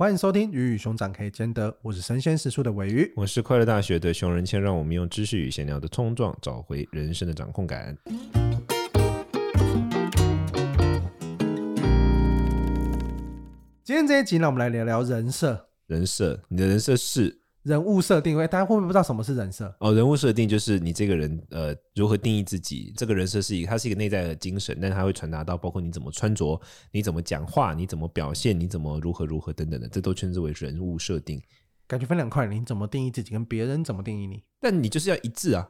歡迎收聽《魚與熊掌可以兼得》，我是生鮮時書的尾魚，我是快樂大學的熊仁謙，讓我們用知識與閒聊的衝撞，找回人生的掌控感。今天這一集呢，我們來聊聊人設。人設，你的人設是？人物設定位，位大家會不會不知道什麼是人設？哦，人物設定就是你這個人，呃，如何定義自己？這個人設是一個，他是一個內在的精神，但是他會傳達到，包括你怎麼穿着，你怎麼講話，你怎麼表現，你怎麼如何如何等等的，這都稱之為人物設定。感覺分兩塊，你怎麼定義自己，跟別人怎麼定義你？但你就是要一致啊，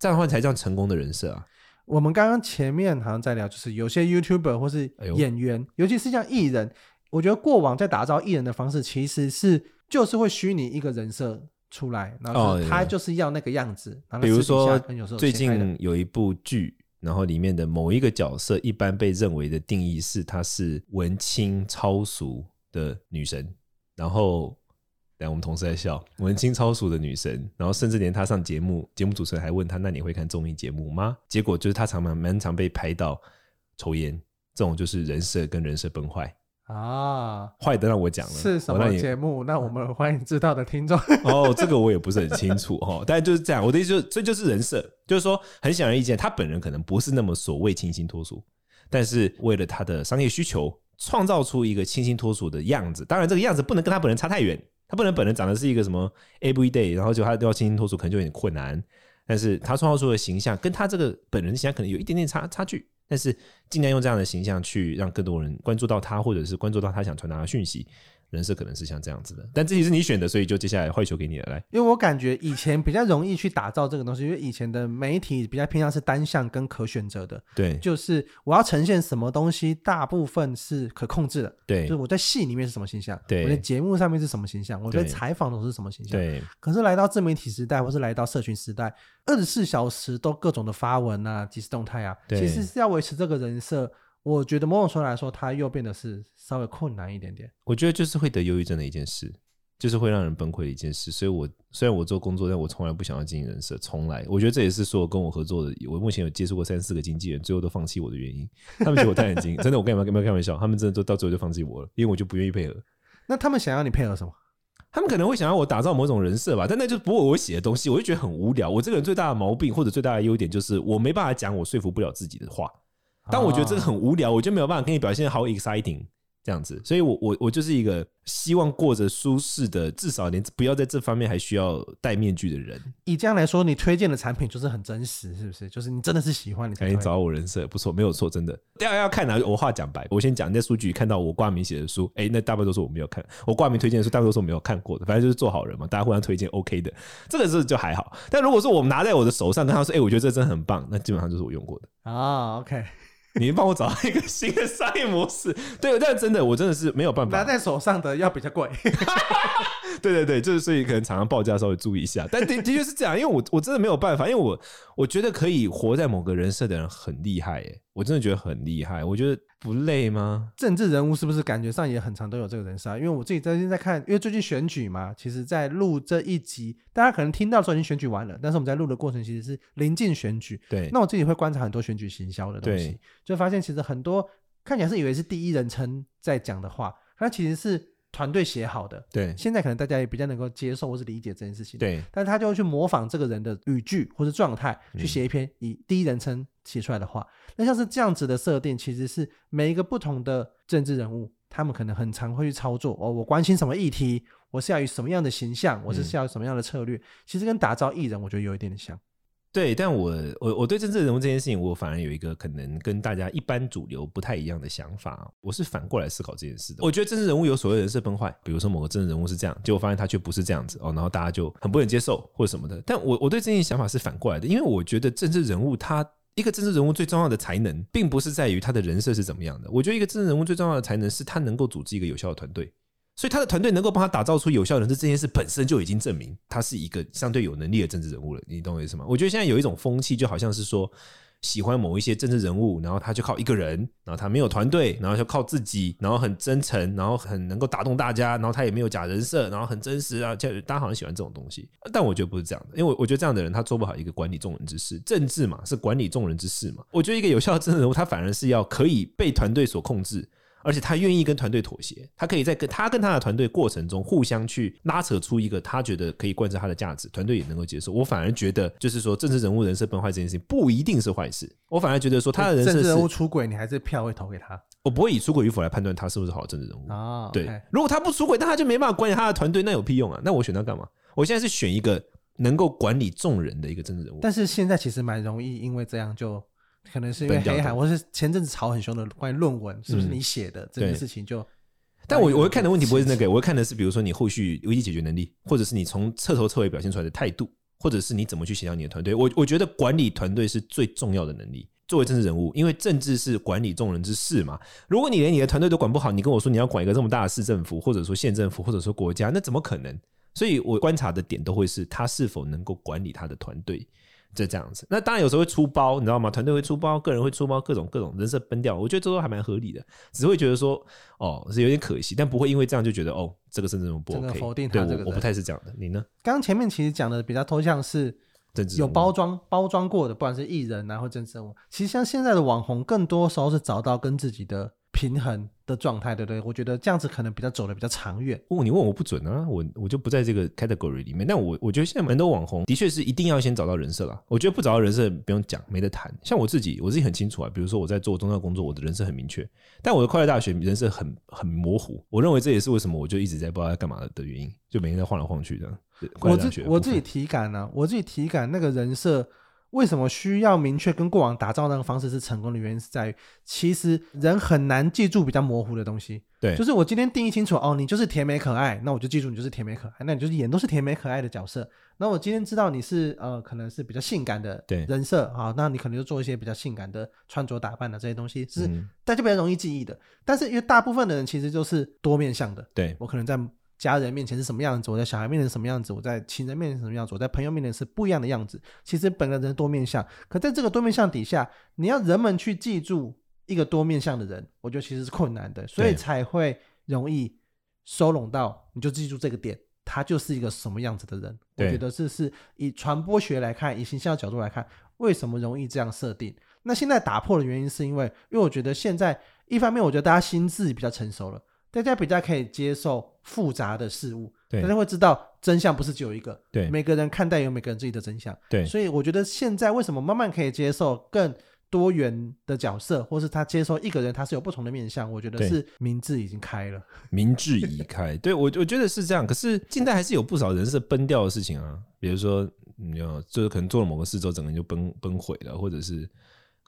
這樣的話才叫成功的人設啊。我們剛剛前面好像在聊，就是有些 YouTuber 或是演員，哎、呦尤其是像藝人，我覺得過往在打造藝人的方式其實是。就是會虛擬一個人設出來，然後就他就是要那個樣子。哦、然後比如說，最近有一部劇，然後裡面的某一個角色，一般被認為的定義是她是文青超俗的女神。然後，來我們同事在笑文青超俗的女神。嗯、然後，甚至連她上節目，節目主持人還問她：“那你會看綜藝節目嗎？”結果就是她常常常被拍到抽煙，這種就是人設跟人設崩壞。啊，壞的讓我講了是什麼節目？哦、那，那我們歡迎知道的聽眾。 哦，這個我也不是很清楚哦，但是就是這樣。我的意思就是，這就是人設，就是說很顯而易見，他本人可能不是那麼所謂清新脫俗，但是為了他的商業需求，創造出一個清新脫俗的樣子。當然，這個樣子不能跟他本人差太遠，他不能本人長得是一個什麼 everyday，然後就他要清新脫俗，可能就有點困難。但是他創造出的形象，跟他這個本人的形象可能有一點點差差距。但是盡量用這樣的形象去讓更多人關注到他，或者是關注到他想傳達的訊息。人設可能是像這樣子的，但自己是你選的，所以就接下來壞球給你了，來。因為我感覺以前比較容易去打造這個東西，因為以前的媒體比較偏向是單向跟可選擇的，對，就是我要呈現什麼東西，大部分是可控制的，對，就是我在戲裡面是什麼形象，對，我在節目上面是什麼形象，我在採訪都是什麼形象，對。可是來到自媒體時代，或是來到社群時代，二十四小時都各種的發文啊，即時動態啊，對其實是要維持這個人設。我覺得某種，程度來說，它又變得是稍微困難一點點。我覺得就是會得憂鬱症的一件事，就是會讓人崩潰的一件事。所以我，我雖然我做工作，但我從來不想要經營人設，從來。我覺得這也是說跟我合作的，我目前有接觸過三四個經紀人，最後都放棄我的原因。他們覺得我太眼鏡， 真的，我幹嘛？跟你們開玩笑？他們真的做到最後就放棄我了，因為我就不願意配合。那他們想要你配合什麼？他們可能會想要我打造某種人設吧？但那就不過我寫的東西，我就覺得很無聊。我這個人最大的毛病或者最大的優點，就是我沒辦法講，我說服不了自己的話。但我覺得這個很無聊，我就沒有辦法跟你表現好 exciting 這樣子，所以我，我我我就是一個希望過着舒適的，至少你不要在這方面還需要戴面具的人。以這樣來說，你推薦的產品就是很真實，是不是？就是你真的是喜歡你才、哎。趕緊找我人設，不錯，沒有錯，真的。大家要看哪、啊，我話講白，我先講，在書局看到我掛名寫的書，哎，那大部分都是我沒有看，我掛名推薦的書，大部分都是我沒有看過的。反正就是做好人嘛，大家互相推薦 OK 的，這個是就還好。但如果說我們拿在我的手上跟他說，哎，我覺得這真的很棒，那基本上就是我用過的哦、oh, OK。你幫我找到一個新的商業模式，對，但真的我真的是沒有辦法拿在手上的要比較貴， 對對對，就是所以可能廠商報價稍微注意一下，但的的確是這樣，因為我我真的沒有辦法，因為我我覺得可以活在某個人設的人很厲害、欸我真的覺得很厲害，我覺得不累嗎？政治人物是不是感覺上也很常都有這個人設？因為我自己最近在看，因為最近選舉嘛，其實在錄這一集，大家可能聽到的時候，已經選舉完了，但是我們在錄的過程其實是臨近選舉。對，那我自己會觀察很多選舉行銷的東西，對就發現其實很多看起來是以為是第一人稱在講的話，那其實是。團隊寫好的，對，現在可能大家也比較能夠接受或是，理解這件事情，對。但是他就會去模仿這個人的語句或者狀態，去寫一篇以第一人稱寫出來的話。嗯、那像是這樣子的設定，其實是每一個不同的政治人物，他們可能很常會去操作哦。我關心什麼議題？我是要以什麼樣的形象？我是要什麼樣的策略？嗯、其實跟打造藝人，我覺得有一點點像。對，但我我我對政治人物這件事情，我反而有一個可能跟大家一般主流不太一樣的想法，我是反過來思考這件事的。我覺得政治人物有所謂的人設崩壞，比如說某個政治人物是這樣，結果發現他卻不是這樣子哦，然後大家就很不能接受或者什麼的。但我我對這件想法是反過來的，因為我覺得政治人物他一個政治人物最重要的才能，並不是在於他的人設是怎麼樣的，我覺得一個政治人物最重要的才能是他能夠組織一個有效的團隊。所以他的團隊能夠幫他打造出有效人設這件事本身，就已經證明他是一個相對有能力的政治人物了。你懂我意思嗎？我覺得現在有一種風氣，就好像是說喜歡某一些政治人物，然後他就靠一個人，然後他沒有團隊，然後就靠自己，然後很真誠，然後很能夠打動大家，然後他也沒有假人設，然後很真實，啊。就大家好像喜歡這種東西。但我覺得不是這樣的，因為我覺得這樣的人，他做不好一個管理眾人之事。政治嘛，是管理眾人之事嘛。我覺得一個有效的政治人物，他反而是要可以被團隊所控制。而且他願意跟團隊妥協，他可以在跟他跟他的團隊過程中互相去拉扯出一個他覺得可以貫徹他的價值，團隊也能夠接受。我反而覺得，就是說政治人物人設崩壞這件事情不一定是壞事。我反而覺得說，他的人設政治人物出軌，你還是票會投給他。我不會以出軌與否來判斷他是不是好政治人物啊。哦 okay，對，如果他不出軌，那他就沒辦法管理他的團隊，那有屁用啊？那我選他幹嘛？我現在是選一個能夠管理眾人的一個政治人物。但是現在其實蠻容易，因為這樣就。可能是因為黑海，我是前陣子吵很凶的關於論文是不是你寫的這件事情就，就、嗯，但我我會看的問題不會是那個，我會看的是比如說你後續危機解決能力，或者是你從徹頭徹尾表現出來的態度，或者是你怎麼去協調你的團隊。我我覺得管理團隊是最重要的能力，作為政治人物，因為政治是管理眾人之事嘛。如果你連你的團隊都管不好，你跟我說你要管一個這麼大的市政府，或者說縣政府，或者說國家，那怎麼可能？所以我觀察的點都會是他是否能夠管理他的團隊。就這樣子，那當然有時候會出包，你知道嗎？團隊會出包，個人會出包，各種各種人設崩掉，我覺得這都還蠻合理的，只會覺得說哦是有點可惜，但不會因為這樣就覺得哦這個是真的不 OK，真的否定他這個人。對，我，我不太是這樣的，你呢？剛剛前面其實講的比較抽象，是有包裝包裝過的，不管是藝人然後政治人物，其實像現在的網紅，更多時候是找到跟自己的。平衡的狀態，對不對？我覺得這樣子可能比較走得比較長遠。哦，你問我不準啊，我我就不在這個 category 裡面。但我我覺得現在蠻多網紅，的確是一定要先找到人設啦。我覺得不找到人設，不用講，沒得談。像我自己，我自己很清楚啊。比如說我在做宗教工作，我的人設很明確。但我的快樂大學人設很很模糊。我認為這也是為什麼我就一直在不知道在幹嘛的原因，就每天在晃來晃去的。對，我自己，我自己體感呢、啊，我自己體感那個人設。為什麼需要明確跟過往打造那個方式是成功的原因是在於，其實人很難記住比較模糊的東西。對，就是我今天定義清楚哦，你就是甜美可愛，那我就記住你就是甜美可愛，那你就是演都是甜美可愛的角色。那我今天知道你是呃可能是比較性感的人設，對，好，那你可能就做一些比較性感的穿着打扮的這些東西，是大家、嗯、比較容易記憶的。但是因為大部分的人其實就是多面向的，對，我可能在家人面前是什麼樣子？我在小孩面前是什麼樣子？我在親人面前是什麼樣子？我在朋友面前是不一樣的樣子。其實，本來人是多面相，可在這個多面相底下，你要人們去記住一個多面相的人，我覺得其實是困難的，所以才會容易收攏到。你就記住這個點，他就是一個什麼樣子的人。對我覺得這是以傳播學來看，以形象的角度來看，為什麼容易這樣設定？那現在打破的原因是因為，因為我覺得現在一方面，我覺得大家心智比較成熟了。大家比較可以接受複雜的事物，對大家會知道真相不是只有一個，對每個人看待有每個人自己的真相，對，所以我覺得現在為什麼慢慢可以接受更多元的角色，或是他接受一個人他是有不同的面向，我覺得是民智已經開了對，民智已開， 對，我我覺得是這樣。可是近代還是有不少人是崩掉的事情啊，比如說你要就是可能做了某個事之後，整個人就崩崩毀了，或者是。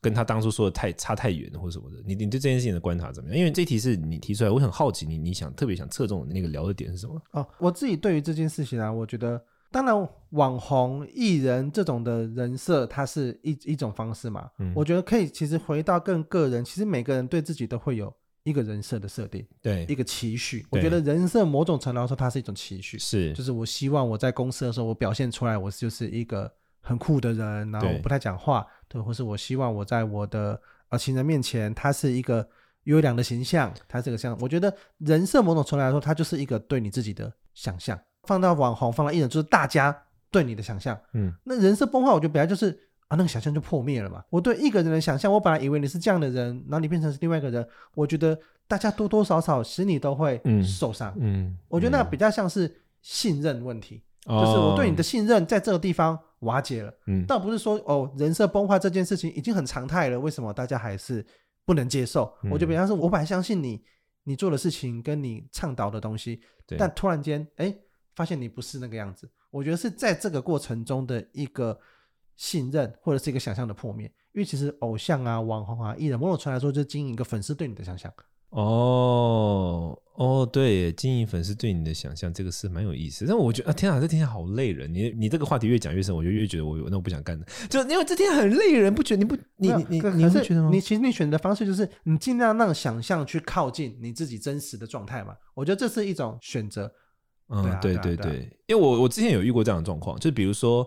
跟他當初說的太差太遠，或者什麼的，你你對這件事情的觀察怎麼樣？因為這題是你提出來，我很好奇你，你你想特別想側重的那個聊的點是什麼？哦，我自己對於這件事情啊，我覺得，當然網紅藝人這種的人設，它是一一種方式嘛。嗯，我覺得可以，其實回到更個人，其實每個人對自己都會有一個人設的設定，對一個期許。對我覺得人設某種程度來說，它是一種期許，是就是我希望我在公司的時候，我表現出來，我就是一個很酷的人，然後不太講話。對，或是我希望我在我的呃情人面前，他是一個優良的形象，他是個像，我覺得人設某種程度來說，它就是一個對你自己的想象，放到網紅，放到藝人，就是大家對你的想象。嗯，那人設崩壞，我覺得本來就是啊，那個想象就破滅了嘛。我對一個人的想象，我本來以為你是這樣的人，然後你變成是另外一個人，我覺得大家多多少少使你都會受傷。嗯，嗯嗯我覺得那比較像是信任問題，哦、就是我對你的信任在這個地方。瓦解了，嗯、倒不是說哦，人設崩壞，這件事情已經很常態了，為什麼大家還是不能接受？嗯、我就比方說，我本來相信你，你做的事情跟你倡導的東西，對但突然間，哎、欸，發現你不是那個樣子。我覺得是在這個過程中的一個信任或者是一個想象的破滅，因為其實偶像啊、網紅啊、藝人，某種程度來說，就是經營一個粉絲對你的想象。哦。哦，oh, 對耶，經營粉絲對你的想象，這個是蠻有意思的。但我覺得啊，天啊，這天好累人。你你這個話題越講越深，我就越覺得我有，那我不想幹的，就因為這天很累人，不覺得？你不，你你你是覺得嗎？你其實你選擇的方式就是你儘量讓想象去靠近你自己真實的狀態嘛。我覺得這是一種選擇。嗯，對對對，因為我我之前有遇過這樣的狀況，就比如說，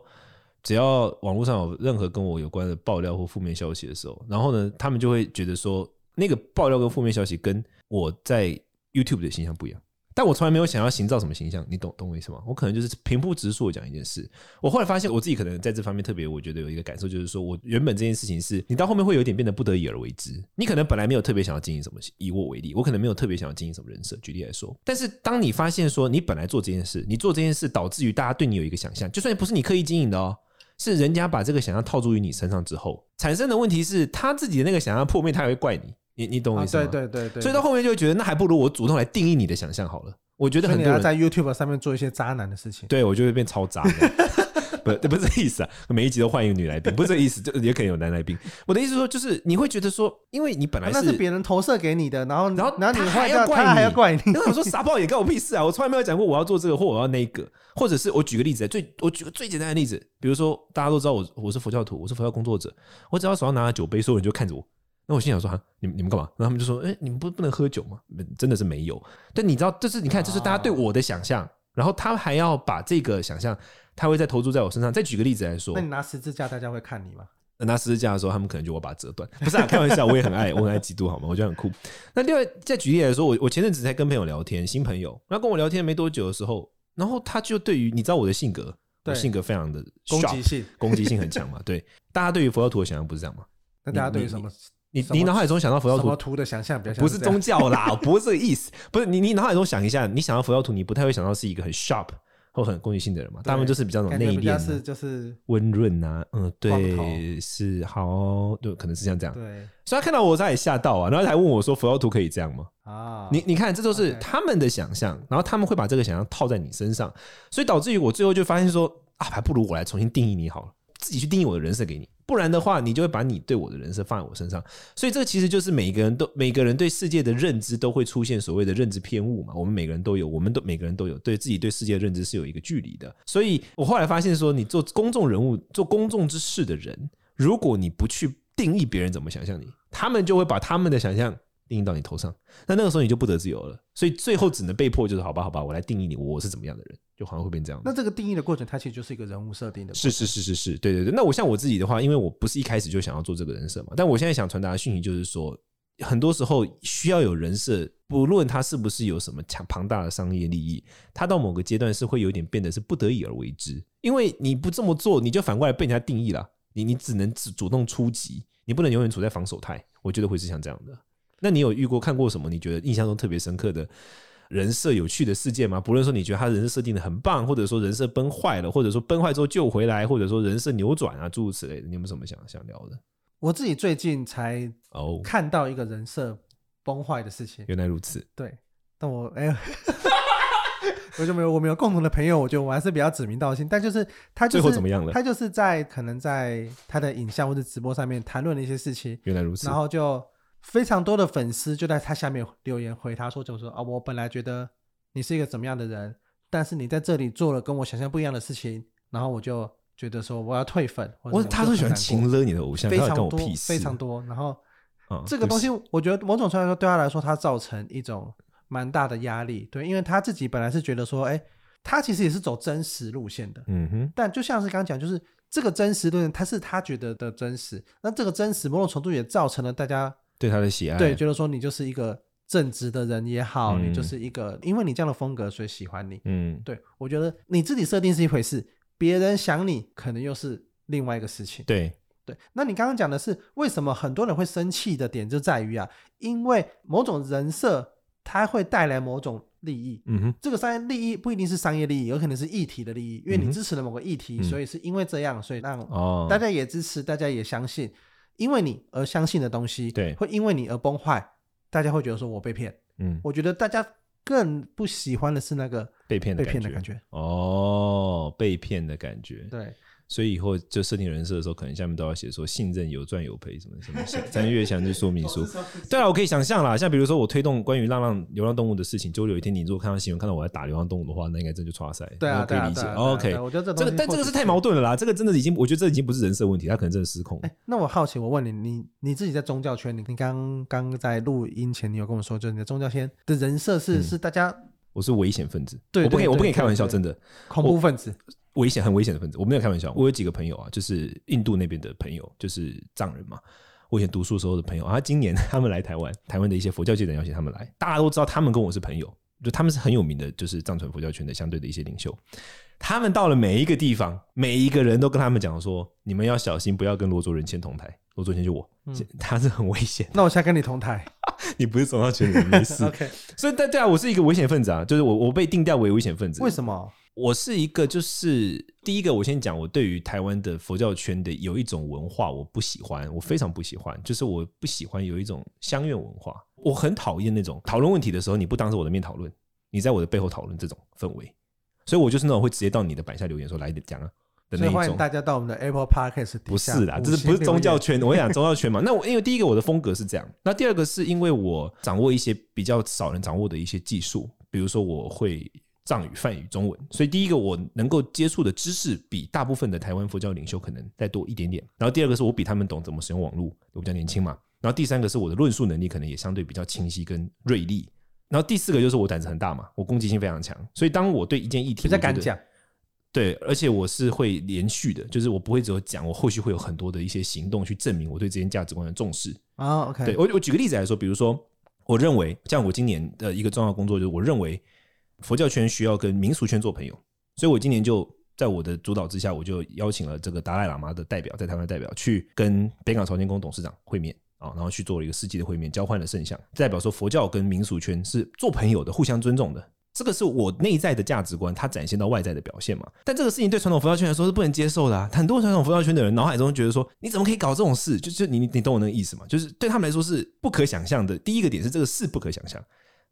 只要網絡上有任何跟我有關的爆料或負面消息的時候，然後呢，他們就會覺得說，那個爆料跟負面消息跟我在。YouTube 的形象不一樣，但我從來沒有想要營造什麼形象，你懂懂我意思嗎？我可能就是平鋪直述講一件事。我後來發現，我自己可能在這方面特別，我覺得有一個感受，就是說我原本這件事情是你到後面會有點變得不得已而為之。你可能本來沒有特別想要經營什麼，以我為例，我可能沒有特別想要經營什麼人設。舉例來說，但是當你發現說你本來做這件事，你做這件事導致於大家對你有一個想象，就算不是你刻意經營的哦，是人家把這個想象套住於你身上之後產生的問題，是他自己的那個想象破滅，他也會怪你。你你懂我的意思嗎？啊、對對對對，對，所以到後面就會覺得，那還不如我主動來定義你的想象好了。我覺得很多人在 YouTube 上面做一些渣男的事情對，對我就會變超渣。 不，不是這個意思啊，每一集都換一個女來賓，不是這個意思，就也可能有男來賓。 我的意思說，就是你會覺得說，因為你本來是、啊、那是別人投射給你的，然後然後然後你還要怪，還要怪你。怪你我說傻包也關我屁事啊，我從來沒有講過我要做這個或我要那個，或者是我舉個例子，最我舉個最簡單的例子，比如說大家都知道我我是佛教徒，我是佛教工作者，我只要手上拿着酒杯，所有人就看着我。那我心想說啊，你們你們幹嘛？然後他們就說，誒、欸，你們不不能喝酒嗎？真的是沒有。但你知道，這、就是你看，這、就是大家對我的想象。啊、然後他還要把這個想象，他會再投注在我身上。再舉個例子來說，那你拿十字架，大家會看你嗎？那拿十字架的時候，他們可能就我把它折斷，不是、啊、開玩笑，我也很愛，我很愛基督好嗎？我覺得很酷。 那另外再舉例來說，我我前陣子在跟朋友聊天，新朋友，然後跟我聊天沒多久的時候，然後他就對於你知道我的性格，對我性格非常的 sharp，攻擊擊性， 攻擊性很強嘛？對， 大家對於佛教徒的想象不是這樣嗎？那大家對於什麼？你麼你腦海中想到佛教徒，徒的想象比較像是不是宗教啦？ 不是這個意思，不是你你腦海中想一下，你想到佛教徒，你不太會想到是一個很 sharp 或很攻擊性的人嘛？對他們就是比較那種內斂，但是就是溫潤啊，嗯，對，是好，就可能是像這樣。嗯、對，所以他看到我，他也嚇到啊，然後他還問我說，佛教徒可以這樣嗎？啊，你你看，這就是他們的想象 Okay. 然後他們會把這個想象套在你身上，所以導致於我最後就發現說，啊，還不如我來重新定義你好了，自己去定義我的人設給你。不然的話，你就會把你對我的人設放在我身上，所以這其實就是每個人都，每個人對世界的認知都會出現所謂的認知偏誤嘛。我們每個人都有，我們都每個人都有對自己對世界的認知是有一個距離的。所以我後來發現說，你做公眾人物、做公眾之事的人，如果你不去定義別人怎麼想象你，他們就會把他們的想象定義到你頭上。那那個時候你就不得自由了，所以最後只能被迫就是好吧，好吧，我來定義你，我是怎麼樣的人。好像會變這樣，那這個定義的過程，它其實就是一個人物設定的。是是是是是，對對對。那我像我自己的話，因為我不是一開始就想要做這個人設嘛，但我現在想傳達的訊息就是說，很多時候需要有人設，不論他是不是有什麼強龐大的商業利益，他到某個階段是會有點變得是不得已而為之，因為你不這麼做，你就反過來被人家定義了。你你只能主動出擊，你不能永遠處在防守態。我覺得會是像這樣的。那你有遇過看過什麼？你覺得印象中特別深刻的？人設有趣的事件嗎？不論說你覺得他人設設定的很棒，或者說人設崩壞了，或者說崩壞之後救回來，或者說人設扭轉啊，諸如此類的，你有沒有什麼想想聊的？我自己最近才哦看到一個人設崩壞的事情，oh, 原來如此。對，但我哎呦， 我就沒有，我沒有共同的朋友？我就我還是比較指名道姓。但就是他、就是、最後怎麼樣了？他就是在可能在他的影像或者直播上面談論了一些事情，原來如此。然後就。非常多的粉絲就在他下面留言回他說，就是說啊，我本來覺得你是一個怎麼樣的人，但是你在這裡做了跟我想象不一樣的事情，然後我就覺得說我要退粉。我他是喜歡情勒你的偶像，非常多，非常多。然後這個東西，我覺得某種程度上來說，對他來說，他造成一種蠻大的壓力。對，因為他自己本來是覺得說，哎，他其實也是走真實路線的。嗯哼。但就像是剛剛講，就是這個真實路線，他是他覺得的真實。那這個真實，某種程度也造成了大家。對他的喜愛、啊，對，覺得說你就是一個正直的人也好，嗯、你就是一個，因為你這樣的風格，所以喜歡你。嗯，對，我覺得你自己設定是一回事，別人想你可能又是另外一個事情。對對，那你剛剛講的是為什麼很多人會生氣的點，就在於啊，因為某種人設，它會帶來某種利益。嗯哼這個商業利益，不一定是商業利益，有可能是議題的利益，因為你支持了某個議題，嗯、哼所以是因為這樣，所以讓哦大家也支持，大家也相信。因為你而相信的東西，對，會因為你而崩壞，大家會覺得說我被騙。嗯，我覺得大家更不喜歡的是那個被騙被騙的感覺。哦，被騙的感覺。對。所以以後就設定人設的時候，可能下面都要寫說信任有賺有賠什麼什麼，詳閱公開說明書。對啊，我可以想象啦，像比如說我推動關於浪浪流浪動物的事情，就有一天你如果看到新聞，看到我在打流浪動物的話，那應該真就剉賽。對啊，可以理解。OK，我覺得這這但這個是太矛盾了啦，這個真的已經，我覺得這已經不是人設問題，他可能真的失控、欸。那我好奇，我問你，你你自己在宗教圈，你你剛剛在錄音前，你有跟我說，就是你的宗教圈的人設是是大家，我是危險分子，對，我不可以，我不可以開玩笑，真的恐怖分子。危險，很危險的分子，我沒有開玩笑。我有幾個朋友啊，就是印度那邊的朋友，就是藏人嘛。我以前讀書的時候的朋友，啊，今年他們來台灣，台灣的一些佛教界的人邀請他們來。大家都知道，他們跟我是朋友，就他們是很有名的，就是藏傳佛教圈的相對的一些領袖。他們到了每一個地方，每一個人都跟他們講說：“你們要小心，不要跟羅卓仁謙同台。”羅卓仁謙就我，他是很危險、嗯。那我現在跟你同台， 你不是宗教圈的人沒事 ？OK。所以對對啊，我是一個危險分子啊，就是我我被定調為危險分子。為什麼？我是一個，就是第一個，我先講，我對於台灣的佛教圈的有一種文化，我不喜歡，我非常不喜歡，就是我不喜歡有一種鄉愿文化，我很討厭那種討論問題的時候，你不當着我的面討論，你在我的背後討論這種氛圍，所以我就是那種會直接到你的板下留言說來講啊的那一種。所以歡迎大家到我們的 Apple Podcast 不是啦，這是不是宗教圈？我講宗教圈嘛。 那我因為第一個我的風格是這樣，那第二個是因為我掌握一些比較少人掌握的一些技術，比如說我會。藏語、梵語、中文，所以第一個我能夠接觸的知識比大部分的台灣佛教領袖可能再多一點點。然後第二個是我比他們懂怎麼使用網絡，我比較年輕嘛。然後第三個是我的論述能力可能也相對比較清晰跟銳利。然後第四個就是我膽子很大嘛，我攻擊性非常強。所以當我對一件議題比較敢講，對，而且我是會連續的，就是我不會只有講，我後續會有很多的一些行動去證明我對這件價值觀的重視。啊、oh，OK，對，我我舉個例子來說，比如說我認為，像我今年的一個重要工作就是我認為。佛教圈需要跟民俗圈做朋友，所以我今年就在我的主導之下，我就邀請了這個達賴喇嘛的代表，在台灣代表去跟北港朝天宮董事長會面啊，然後去做了一個世紀的會面，交換了聖像，代表說佛教跟民俗圈是做朋友的，互相尊重的，這個是我內在的價值觀，它展現到外在的表現嘛。但這個事情對傳統佛教圈來說是不能接受的，啊，很多傳統佛教圈的人腦海中覺得說，你怎麼可以搞這種事？就就你你懂我那個意思嗎？就是對他們來說是不可想象的。第一個點是這個是不可想象，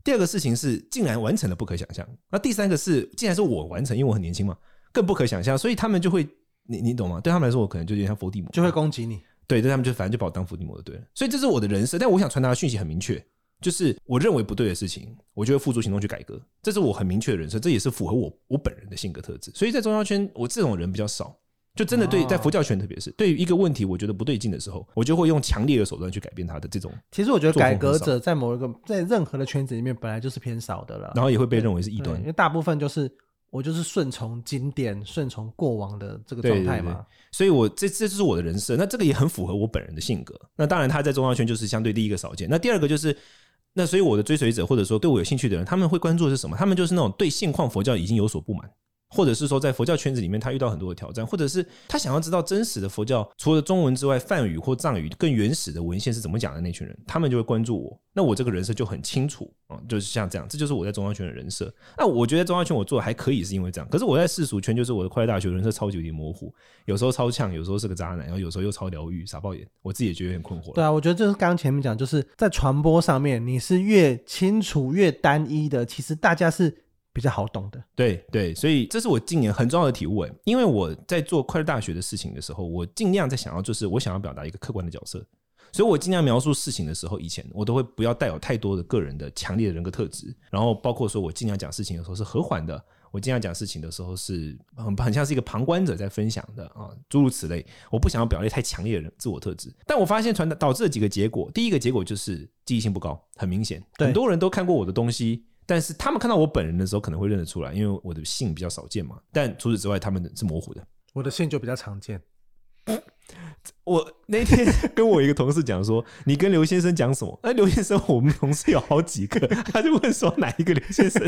第二個事情是竟然完成了不可想象，那第三個是竟然是我完成，因為我很年輕嘛，更不可想象，所以他們就會你你懂嗎？對他們來說，我可能就有點像伏地魔，就會攻擊你。對，對他們就反正就把我當伏地魔的，對了。所以這是我的人設，但我想傳達的訊息很明確，就是我認為不對的事情，我就會付諸行動去改革，這是我很明確的人設，這也是符合我我本人的性格特質。所以在中央圈，我這種人比較少。就真的對，在佛教圈，特別是對於一個問題，我覺得不對勁的時候，我就會用強烈的手段去改變他的這種。其實我覺得改革者在某一個，在任何的圈子裡面，本來就是偏少的了。然後也會被認為是異端，因為大部分就是我就是順從經典，順從過往的這個狀態嘛，對對對。所以我，我這這就是我的人設。那這個也很符合我本人的性格。那當然，他在宗教圈就是相對第一個少見。那第二個就是，那所以我的追隨者或者說對我有興趣的人，他們會關注的是什麼？他們就是那種對現況佛教已經有所不滿。或者是說，在佛教圈子裡面，他遇到很多的挑戰，或者是他想要知道真實的佛教，除了中文之外，梵語或藏語更原始的文獻是怎麼講的那群人，他們就會關注我。那我這個人設就很清楚啊、哦，就是像這樣，這就是我在宗教圈的人設。那我覺得宗教圈我做的還可以，是因為這樣。可是我在世俗圈，就是我的快樂大學人設超級無敵模糊，有時候超嗆，有時候是個渣男，然後有時候又超療癒、傻爆眼，我自己也覺得有點困惑。對啊，我覺得就是剛剛前面講，就是在傳播上面，你是越清楚越單一的，其實大家是。比較好懂的，對對，所以這是我今年很重要的體悟、欸。因為我在做快樂大學的事情的時候，我盡量在想要就是我想要表達一個客觀的角色，所以我盡量描述事情的時候，以前我都會不要帶有太多的個人的強烈的人格特質，然後包括說我盡量講事情的時候是和緩的，我盡量講事情的時候是很很像是一個旁觀者在分享的啊，諸如此類，我不想要表達太強烈的人自我特質。但我發現傳達導致了幾個結果，第一個結果就是記憶性不高，很明顯，對很多人都看過我的東西。但是他們看到我本人的時候，可能會認得出來，因為我的姓比較少見嘛。但除此之外，他們是模糊的。我的姓就比較常見。我那天跟我一個同事講說：“你跟劉先生講什麼？”那劉先生，我們同事有好幾個，他就問說哪一個劉先生？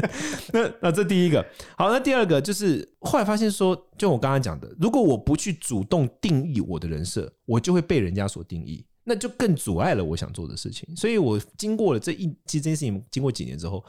那那這第一個好，那第二個就是後來發現說，就我剛剛講的，如果我不去主動定義我的人設，我就會被人家所定義，那就更阻礙了我想做的事情。所以我經過了這一其實這件事情經過幾年之後。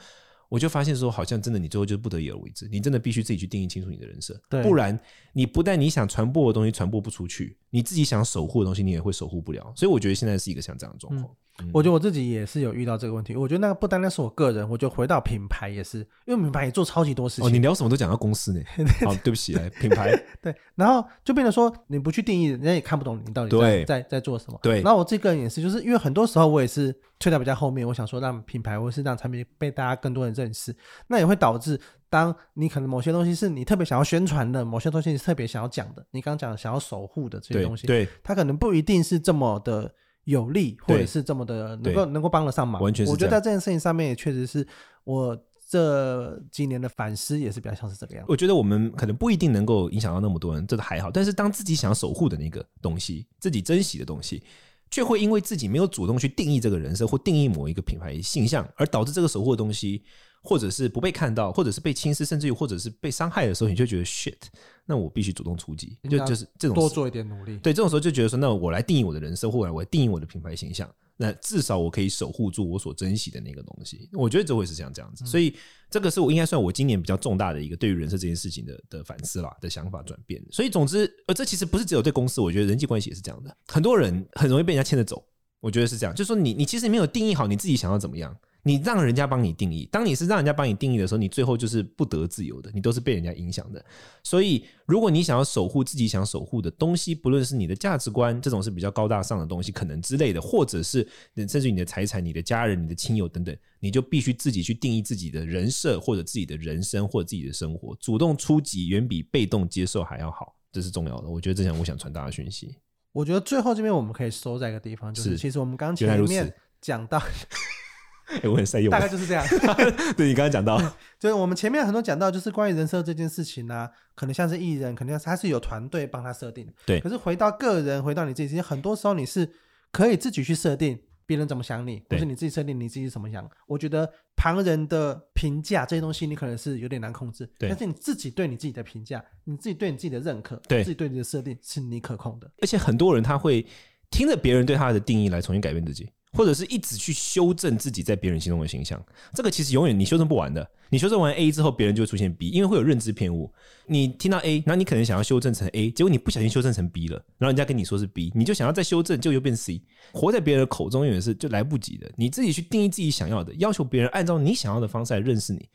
我就發現說，好像真的，你最後就不得已而為之。你真的必須自己去定義清楚你的人設對，不然你不但你想傳播的東西傳播不出去。你自己想守護的東西，你也會守護不了，所以我覺得現在是一個像這樣的狀況。我覺得我自己也是有遇到這個問題。我覺得那個不單單是我個人，我覺得回到品牌也是，因為品牌也做超級多事情。哦，你聊什麼都講到公司呢？好，對不起，品牌對。然後就變成說，你不去定義，人家也看不懂你到底在在對 在做什麼。對。然後我自己個人也是，就是因為很多時候我也是推到比較後面，我想說讓品牌或是讓產品被大家更多人認識，那也會導致。當你可能某些東西是你特別想要宣傳的，某些東西你是特別想要講的，你剛剛講的想要守護的這些東西，對，對，它可能不一定是這麼的有利，對或者是這麼的能夠對能夠幫得上忙。完全是。我覺得在這件事情上面也確實是我這幾年的反思也是比較像是這個樣子。我覺得我們可能不一定能夠影響到那麼多人，嗯、這個還好。但是當自己想要守護的那個東西，自己珍惜的東西，卻會因為自己沒有主動去定義這個人設或定義某一個品牌形象，而導致這個守護的東西。或者是不被看到，或者是被輕視，甚至於或者是被傷害的時候，你就覺得 shit，那我必須主動出擊，應該 就就是這種多做一點努力。對，這種時候就覺得說，那我來定義我的人設，或者我來定義我的品牌形象，那至少我可以守護住我所珍惜的那個東西。嗯、我覺得這會是這樣這樣子，所以這個是我應該算我今年比較重大的一個對於人設這件事情的的反思啦的想法轉變。所以總之，呃，這其實不是只有對公司，我覺得人際關係也是這樣的，很多人很容易被人家牽着走，我覺得是這樣。就說你，你其實沒有定義好你自己想要怎麼樣。你讓人家幫你定義，當你是讓人家幫你定義的時候，你最後就是不得自由的，你都是被人家影響的。所以，如果你想要守護自己想守護的東西，不論是你的價值觀這種是比較高大上的東西，可能之類的，或者是甚至你的財產、你的家人、你的親友等等，你就必須自己去定義自己的人設，或者自己的人生，或者自己的生活，主動出擊遠比被動接受還要好，這是重要的。我覺得這點我想傳達的訊息。我覺得最後這邊我們可以收在一個地方，就是其實我們剛才裡面講到。 哎，我很善用。大概就是這樣。 對，你剛剛講到， 就是我們前面很多講到，就是關於人設這件事情呢、啊，可能像是藝人，肯定他是有團隊幫他設定的。對，可是回到個人，回到你自己，其實很多時候你是可以自己去設定別人怎麼想你，或是你自己設定你自己怎麼想。對我覺得旁人的評價這些東西，你可能是有點難控制。對，但是你自己對你自己的評價，你自己對你自己的認可，對自己對你的設定，是你可控的。而且很多人他會聽着別人對他的定義來重新改變自己。或者是一直去修正自己在別人心中的形象，這個其實永遠你修正不完的。你修正完 A 之後，別人就會出現 B，因為會有認知偏誤。你聽到 A，那你可能想要修正成 A，結果你不小心修正成 B 了，然後人家跟你說是 B，你就想要再修正，就又變 C。活在別人的口中，永遠是就來不及的。你自己去定義自己想要的，要求別人按照你想要的方式來認識你。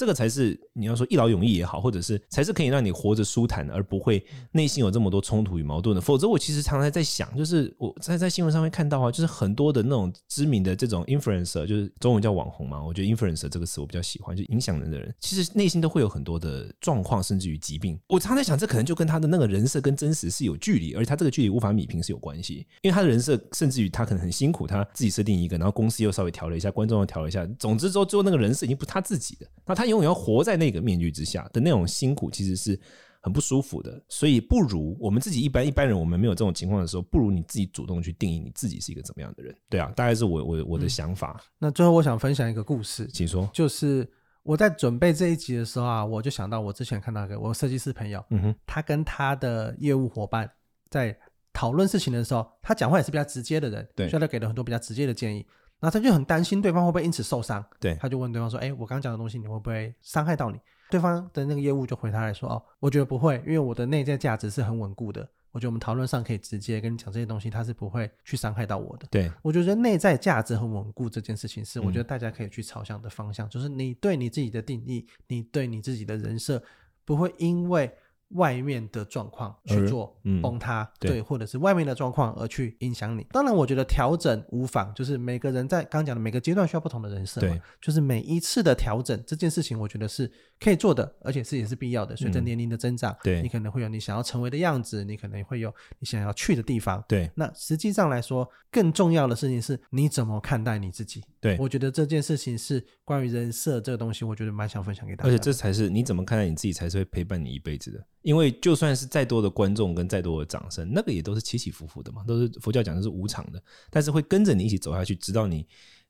這個才是你要說一勞永逸也好，或者是才是可以讓你活着舒坦的，而不會內心有這麼多衝突與矛盾的。否則，我其實常常在想，就是我在在新聞上面看到啊，就是很多的那種知名的這種 influencer，就是中文叫網紅嘛。我覺得 influencer 這個詞我比較喜歡，就影響人的人，其實內心都會有很多的狀況，甚至於疾病。我常常在想，這可能就跟他的那個人設跟真實是有距離，而且他這個距離無法彌平是有關係。因為他的人設，甚至於他可能很辛苦，他自己設定一個，然後公司又稍微調了一下，觀眾又調了一下，總之，之，之後最後那個人設已經不是他自己的。那他。因為我要活在那個面具之下的那種辛苦，其實是很不舒服的。所以不如我們自己一般一般人，我們沒有這種情況的時候，不如你自己主動去定義你自己是一個怎麼樣的人。對啊，大概是我我我的想法。嗯、那最後我想分享一個故事，請說。就是我在準備這一集的時候啊，我就想到我之前看到一個我設計師朋友，嗯哼，他跟他的業務夥伴在討論事情的時候，他講話也是比較直接的人，對，所以他給了很多比較直接的建議。那他就很擔心對方會不會因此受傷，對，他就問對方說：“誒，我剛剛講的東西你會不會傷害到你？”對方的那個業務就回他來說：“哦，我覺得不會，因為我的內在價值是很穩固的。我覺得我們討論上可以直接跟你講這些東西，他是不會去傷害到我的。”對，我覺得內在價值很穩固這件事情，是我覺得大家可以去朝向的方向，嗯、就是你對你自己的定義，你對你自己的人設，不會因為……外面的狀況去做崩塌，呃嗯、對，對或者是外面的狀況而去影響你。當然，我覺得調整無妨，就是每個人在剛剛講的每個階段需要不同的人設嘛，對就是每一次的調整這件事情，我覺得是可以做的，而且是也是必要的。隨着年齡的增長，嗯、對，你可能會有你想要成為的樣子，你可能會有你想要去的地方，對。那實際上來說，更重要的事情是你怎麼看待你自己。對，我覺得這件事情是關於人設這個東西，我覺得蠻想分享給大家。而且這才是你怎麼看待你自己，才是會陪伴你一輩子的。因為就算是再多的觀眾跟再多的掌聲，那個也都是起起伏伏的嘛，都是佛教講的是無常的，但是會跟着你一起走下去，直到你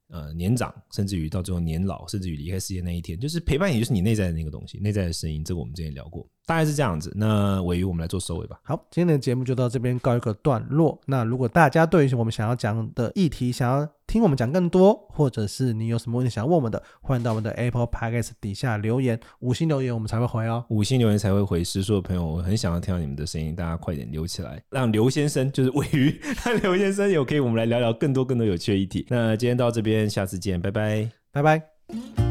呃年長，甚至於到最後年老，甚至於離開世界那一天，就是陪伴也就是你內在的那個東西，內在的聲音，這個我們之前聊過，大概是這樣子。那瑋瑜我們來做收尾吧。好，今天的節目就到這邊告一個段落。那如果大家對於我們想要講的議題，想要聽我們講更多，或者是你有什麼問題想問我們的，歡迎到我們的 Apple Podcast 底下留言，五星留言我們才會回哦，五星留言才會回。時書的朋友，我很想要聽到你們的聲音，大家快點留起來，讓劉先生就是位於，讓劉先生有可以我們來聊聊更多更多有趣的議題。那今天到這邊，下次見，拜拜，拜拜。